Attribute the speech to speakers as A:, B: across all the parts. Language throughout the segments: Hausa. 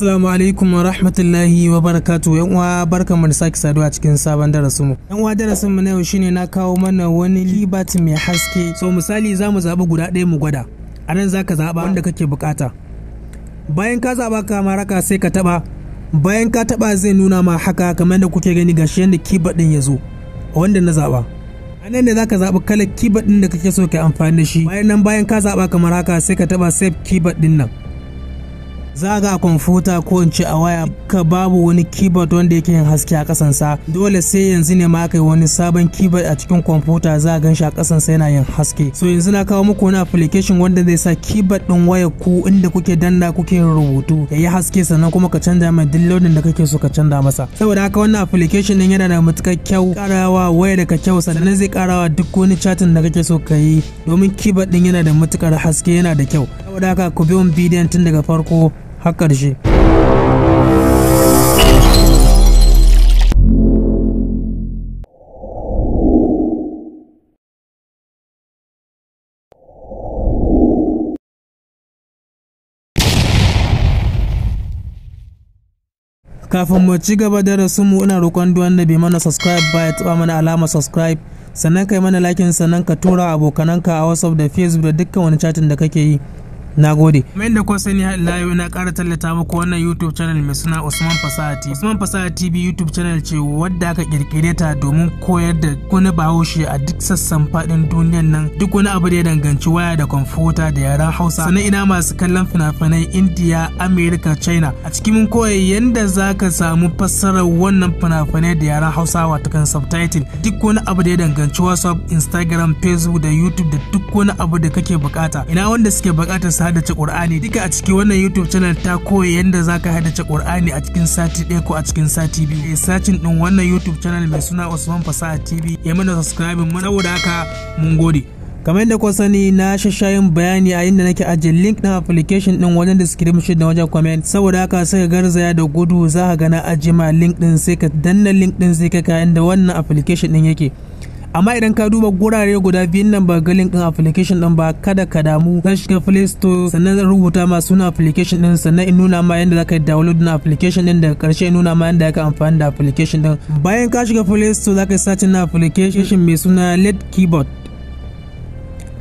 A: Assalamu alaikum wa rahmatullahi wa barakatu yan uwa mu da sake saduwa cikin sabon darasin mu. Yan uwa darasin mu na yau shine na kawo mana wani libat mai haske. So misali zamu zabi guda ɗaya mu gwada. A nan zaka zaba wanda kake bukata. Bayan ka zaba ka maraka sai ka taba. Bayan ka taba zai nuna ma haka kamar da kuke gani gashi yanda keyboard din ya zo. Wanda na zaba. A nan ne zaka zabi kalar keyboard din da kake so ka amfani da shi. Bayan nan bayan ka zaba kamar haka sai ka taba save keyboard din nan. za ga kwamfuta ko in ce a waya ka babu wani keyboard wanda yake yin haske a kasansa dole sai yanzu ne ma kai wani sabon keyboard a cikin kwamfuta za a gan shi a kasansa yana yin haske so yanzu na kawo muku wani application wanda zai sa keyboard din waya ku inda kuke danna kuke rubutu yi haske sannan kuma ka canza mai duk da kake so ka canza masa saboda haka wannan application din yana da matukar kyau karawa waya da ka kyau sannan zai karawa duk wani chatting da kake so ka yi domin keyboard din yana da matukar haske yana da kyau saboda haka ku bi bidiyon tun daga farko har ƙarshe kafin mu ci gaba da mu ina roƙon duk wanda bai mana subscribe ba ya taba mana alama subscribe sannan kai mana lakin sannan ka tura abokananka a whatsapp da facebook da dukkan wani chatin da kake yi na gode kamar da kun sani layo na ƙara tallata muku wannan youtube channel mai suna usman fasaha tv usman fasaha tv youtube channel ce wadda aka kirkire ta domin koyar da kuna bahaushe a duk sassan faɗin duniyan nan duk wani abu da ya danganci waya da kwamfuta da yaren hausa sannan ina masu kallon fina finai india america china a cikin mun koya yadda za ka samu fassarar wannan fina-finai da yaren hausa wato kan subtitle duk wani abu da ya danganci whatsapp instagram facebook da youtube da duk wani abu da kake bukata ina wanda suke bukatar su haddace Qur'ani duka a cikin wannan YouTube channel ta koyi yadda zaka haddace Qur'ani a cikin sati ɗaya ko a cikin sati biyu. E eh, sacin din wannan YouTube channel mai suna Usman Fasaha TV ya mana subscribe mu saboda haka mun gode. kamar yadda kun sani na shashayin bayani a inda nake ajiye link na application din wajen description da wajen comment saboda haka sai garzaya da gudu za ka ga na ajiye ma link din sai ka danna link din sai ka kayan da wannan application din yake amma idan ka duba gurare guda biyun nan ba ga link din application din ba kada ka damu zan shiga play store sannan zan rubuta ma sunan application din sannan in nuna ma yadda zaka download na application din daga karshe in nuna ma yadda zaka amfani da application din bayan ka shiga play store zaka search na application mai suna led keyboard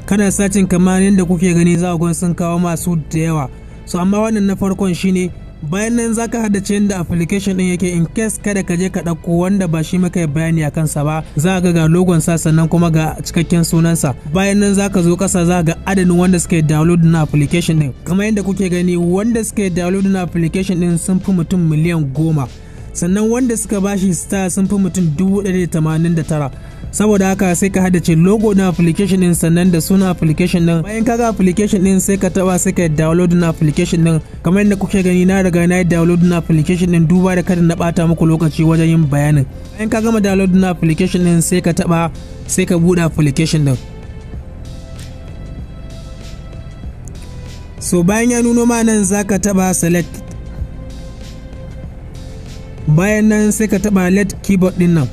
A: kana searching kamar yadda kuke gani za ku sun kawo masu da yawa so amma wannan na farkon shine bayan nan za ka haddace yadda application din yake in case kada ka je ka dauko wanda ba shi maka bayani a kansa ba za ga ga logon sa sannan kuma ga cikakken sunansa bayan nan za ka zo kasa za ga adadin wanda suka download na application din kamar yadda kuke gani wanda suka download na application din sun fi mutum miliyan goma sannan wanda suka bashi star sun fi mutum 189 saboda haka sai ka haddace logo na application din sannan da suna application din bayan kaga application din sai ka taba sai ka download na application din kamar yadda kuke gani na riga na download na application din duba da kada na bata muku lokaci wajen yin bayanin bayan ka gama download na application din sai ka taba sai ka bude application din so bayan ya nuno ma nan zaka taba select bayan nan sai ka taba let keyboard din nan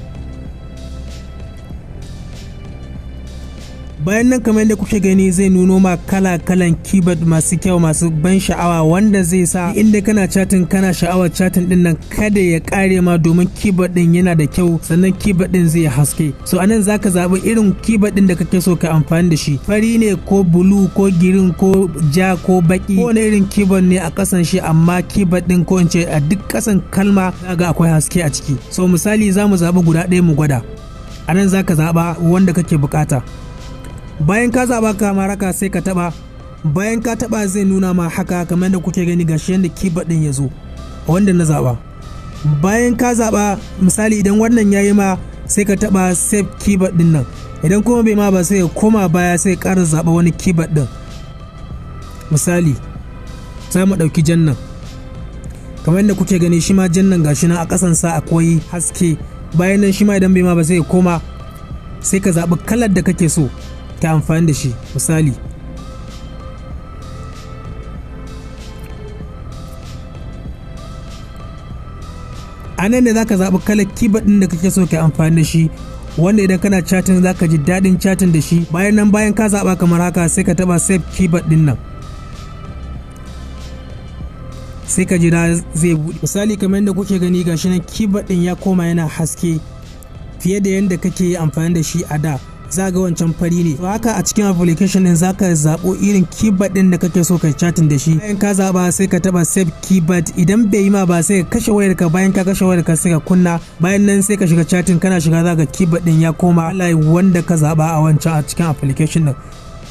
A: bayan nan kamar yadda kuke gani zai nuno ma kala-kalan keyboard masu kyau masu ban sha'awa wanda zai sa inda kana chatin kana sha'awar chatin din nan kada ya kare ma domin keyboard din yana da kyau sannan keyboard din zai haske so anan zaka zaɓi irin keyboard din da kake so ka amfani da shi fari ne ko blue ko girin ko ja ko baki ko wani irin keyboard ne a kasan shi amma keyboard din ko in ce a duk kasan kalma ga akwai haske a ciki so misali za mu zaɓi guda ɗaya mu gwada anan zaka zaɓa wanda kake bukata bayan ka zaba ka maraka sai ka taɓa bayan ka taɓa zai nuna ma haka kamar da kuke gani gashi yadda kibar ɗin ya zo wanda na zaba. bayan ka zaba misali idan wannan ya yi ma sai ka taɓa save keyboard ɗin nan idan kuma bai ma ba sai ya koma baya sai ya ƙara zaɓa wani keyboard ɗin misali za mu ɗauki jan nan kamar yadda kuke gani shi ma jan nan gashi nan a ƙasansa akwai haske bayan nan shi ma idan bai ma ba sai ya koma sai ka zaɓi kalar da kake so ta amfani da shi misali a nan ne zaka zaɓi kalar kiba ɗin da kake so ka amfani da shi wanda idan kana chatting ka ji daɗin chatting da shi bayan nan bayan ka zaɓa kamar haka sai ka taɓa save keyboard ɗin nan sai ka jira zai buɗe misali kamar yadda kuke gani gashi nan keyboard ɗin ya koma yana haske fiye da yadda kake amfani da shi a da za ga wancan fari ne to haka a cikin application din zaka zaɓo irin keyboard din da kake so ka chatting da shi bayan ka zaba sai ka taba save keyboard idan bai yi ma ba sai ka kashe wayar ka bayan ka kashe wayar ka sai ka kunna bayan nan sai ka shiga chatting kana shiga zaga keyboard din ya koma layi wanda ka zaba a wancan a cikin application din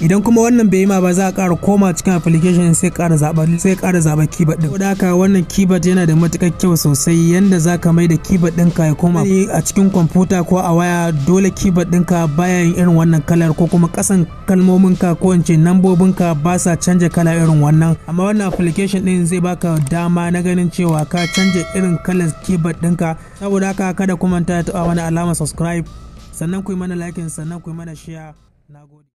A: idan kuma wannan bai yi ma ba za a ƙara koma cikin application sai ƙara zaɓa sai ƙara zaɓa keyboard din saboda haka wannan keyboard yana da matuƙar kyau sosai yanda za ka mai da keyboard ɗinka ya koma a cikin kwamfuta ko a waya dole keyboard ɗinka baya yin irin wannan kalar ko kuma ƙasan kalmominka ko in ce nambobinka ba sa canja kala irin wannan amma wannan application ɗin zai baka dama na ganin cewa ka canja irin kalar keyboard ɗinka saboda haka kada kuma ta taɓa wani alamar subscribe sannan ku yi mana like sannan ku yi mana share nagode